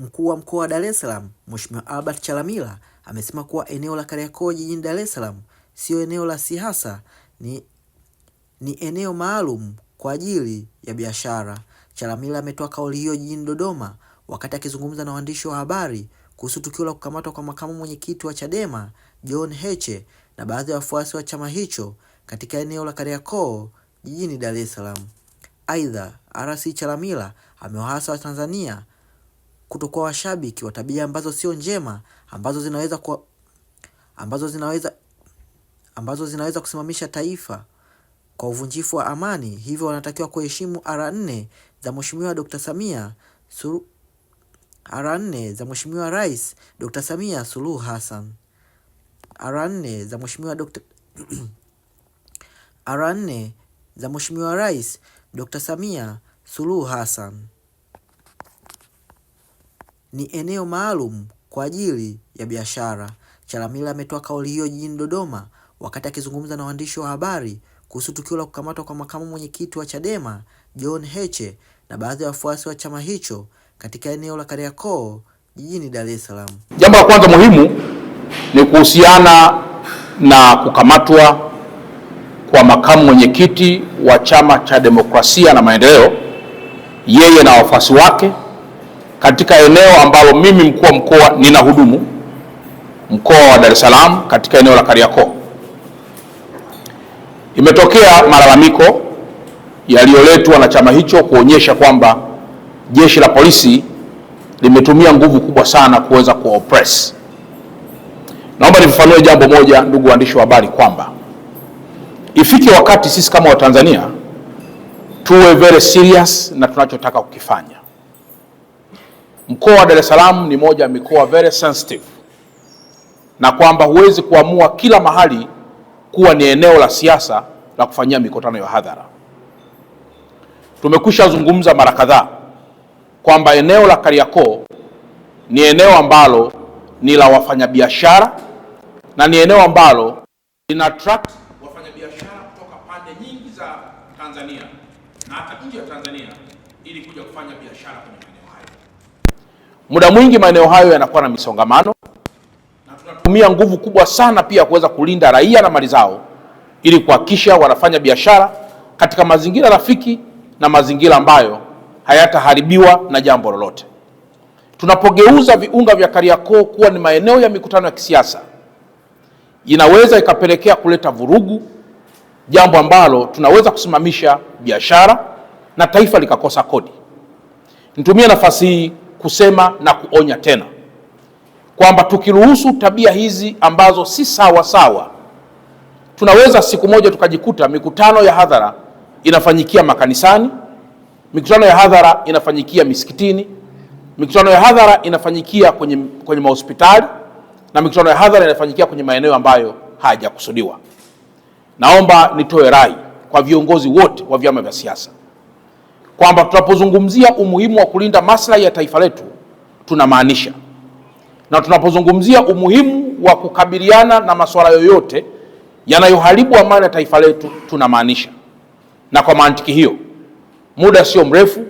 Mkuu wa Mkoa wa Dar es Salaam, Mheshimiwa Albert Chalamila amesema kuwa eneo la Kariakoo jijini Dar es Salaam sio eneo la siasa, ni, ni eneo maalum kwa ajili ya biashara. Chalamila ametoa kauli hiyo jijini Dodoma wakati akizungumza na waandishi wa habari kuhusu tukio la kukamatwa kwa makamu mwenyekiti wa Chadema John Heche na baadhi ya wafuasi wa chama hicho katika eneo la Kariakoo jijini Dar es Salaam. Aidha, RC Chalamila amewahasa Watanzania kutokuwa washabiki wa tabia ambazo sio njema ambazo zinaweza kwa, ambazo zinaweza ambazo zinaweza kusimamisha taifa kwa uvunjifu wa amani. Hivyo wanatakiwa kuheshimu ara nne za Mheshimiwa Dkt. Samia Suru, ara nne za Mheshimiwa Rais Dkt. Samia Suluhu Hassan ara nne za Mheshimiwa Dkt. ara nne za Mheshimiwa Rais Dkt. Samia Suluhu Hassan ni eneo maalum kwa ajili ya biashara. Chalamila ametoa kauli hiyo jijini Dodoma wakati akizungumza na waandishi wa habari kuhusu tukio la kukamatwa kwa makamu mwenyekiti wa Chadema John Heche na baadhi ya wafuasi wa chama hicho katika eneo la Kariakoo jijini Dar es Salaam. Jambo la kwanza muhimu ni kuhusiana na kukamatwa kwa makamu mwenyekiti wa chama cha demokrasia na maendeleo, yeye na wafuasi wake katika eneo ambalo mimi mkuu wa mkoa hudumu mkoa wa Dar es Salaam, katika eneo la Kariakoo, imetokea malalamiko yaliyoletwa na chama hicho kuonyesha kwamba jeshi la polisi limetumia nguvu kubwa sana kuweza kuoppress. Naomba nifafanue jambo moja, ndugu waandishi wa habari, kwamba ifike wakati sisi kama Watanzania tuwe very serious na tunachotaka kukifanya. Mkoa wa Dar es Salaam ni moja ya mikoa very sensitive, na kwamba huwezi kuamua kila mahali kuwa ni eneo la siasa la kufanyia mikutano ya hadhara. Tumekwisha zungumza mara kadhaa kwamba eneo la Kariakoo ni eneo ambalo ni la wafanyabiashara na ni eneo ambalo lina attract wafanyabiashara kutoka pande nyingi za Tanzania na hata nje ya Tanzania ili kuja kufanya biashara. Muda mwingi maeneo hayo yanakuwa na misongamano, na tunatumia nguvu kubwa sana pia kuweza kulinda raia na mali zao ili kuhakikisha wanafanya biashara katika mazingira rafiki na mazingira ambayo hayataharibiwa na jambo lolote. Tunapogeuza viunga vya Kariakoo kuwa ni maeneo ya mikutano ya kisiasa, inaweza ikapelekea kuleta vurugu, jambo ambalo tunaweza kusimamisha biashara na taifa likakosa kodi. Nitumie nafasi hii kusema na kuonya tena kwamba tukiruhusu tabia hizi ambazo si sawa sawa, tunaweza siku moja tukajikuta mikutano ya hadhara inafanyikia makanisani, mikutano ya hadhara inafanyikia misikitini, mikutano ya hadhara inafanyikia kwenye, kwenye mahospitali na mikutano ya hadhara inafanyikia kwenye maeneo ambayo hayajakusudiwa. Naomba nitoe rai kwa viongozi wote wa vyama vya siasa kwamba tunapozungumzia umuhimu wa kulinda maslahi ya taifa letu tunamaanisha, na tunapozungumzia umuhimu wa kukabiliana na masuala yoyote yanayoharibu amani ya taifa letu tunamaanisha. Na kwa mantiki hiyo, muda sio mrefu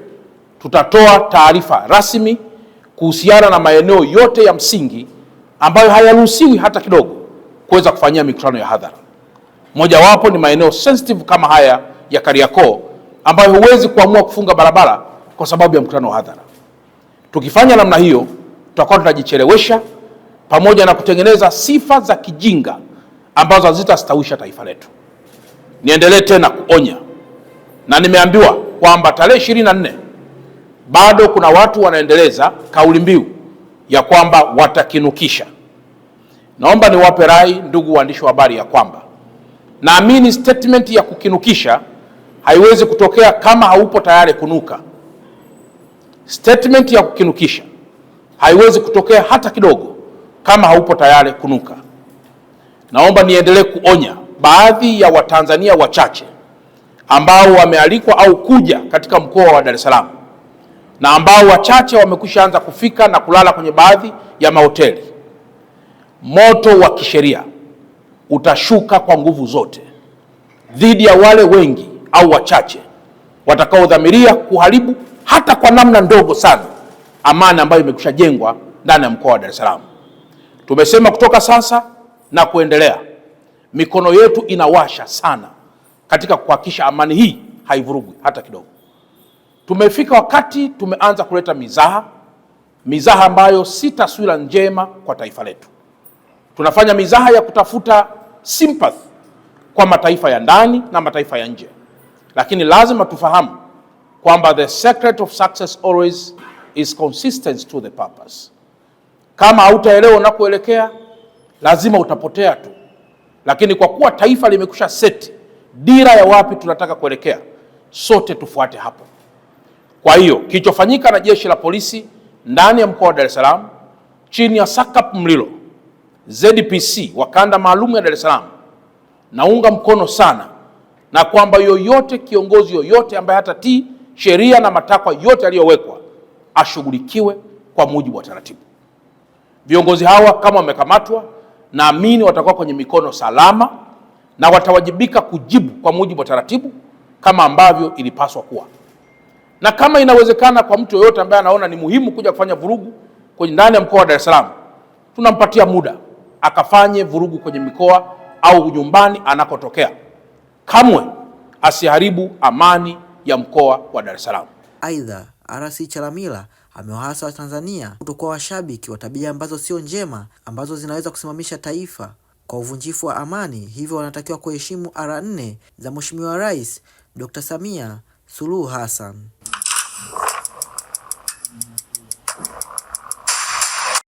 tutatoa taarifa rasmi kuhusiana na maeneo yote ya msingi ambayo hayaruhusiwi hata kidogo kuweza kufanyia mikutano ya hadhara. Mojawapo ni maeneo sensitive kama haya ya Kariakoo ambayo huwezi kuamua kufunga barabara kwa sababu ya mkutano wa hadhara. Tukifanya namna hiyo, tutakuwa tunajichelewesha pamoja na kutengeneza sifa za kijinga ambazo hazitastawisha taifa letu. Niendelee tena kuonya, na nimeambiwa kwamba tarehe ishirini na nne bado kuna watu wanaendeleza kauli mbiu ya kwamba watakinukisha. Naomba niwape rai, ndugu waandishi wa habari, ya kwamba naamini statement ya kukinukisha haiwezi kutokea kama haupo tayari kunuka. Statement ya kukinukisha haiwezi kutokea hata kidogo kama haupo tayari kunuka. Naomba niendelee kuonya baadhi ya Watanzania wachache ambao wamealikwa au kuja katika mkoa wa Dar es Salaam na ambao wachache wamekwisha anza kufika na kulala kwenye baadhi ya mahoteli. Moto wa kisheria utashuka kwa nguvu zote dhidi ya wale wengi au wachache watakaodhamiria kuharibu hata kwa namna ndogo sana amani ambayo imekushajengwa ndani ya mkoa wa Dar es Salaam. Tumesema kutoka sasa na kuendelea, mikono yetu inawasha sana katika kuhakikisha amani hii haivurugwi hata kidogo. Tumefika wakati tumeanza kuleta mizaha, mizaha ambayo si taswira njema kwa taifa letu. Tunafanya mizaha ya kutafuta sympathy kwa mataifa ya ndani na mataifa ya nje. Lakini lazima tufahamu kwamba the secret of success always is consistency to the purpose. Kama hautaelewa unakoelekea, lazima utapotea tu. Lakini kwa kuwa taifa limekusha seti dira ya wapi tunataka kuelekea, sote tufuate hapo. Kwa hiyo kilichofanyika na jeshi la polisi ndani ya mkoa wa Dar es Salaam chini ya SACP Mlilo, ZPC wa kanda maalum ya Dar es Salaam naunga mkono sana na kwamba yoyote kiongozi yoyote ambaye hatatii sheria na matakwa yote yaliyowekwa ashughulikiwe kwa mujibu wa taratibu. Viongozi hawa kama wamekamatwa, naamini watakuwa kwenye mikono salama na watawajibika kujibu kwa mujibu wa taratibu kama ambavyo ilipaswa kuwa, na kama inawezekana, kwa mtu yoyote ambaye anaona ni muhimu kuja kufanya vurugu kwenye ndani ya mkoa wa Dar es Salaam, tunampatia muda akafanye vurugu kwenye mikoa au nyumbani anakotokea kamwe asiharibu amani ya mkoa wa Dar es Salaam. Aidha, RC Chalamila amewahasa Watanzania kutokuwa washabiki wa tabia ambazo sio njema ambazo zinaweza kusimamisha taifa kwa uvunjifu wa amani, hivyo wanatakiwa kuheshimu ara nne za Mheshimiwa Rais Dr. Samia Suluhu Hassan.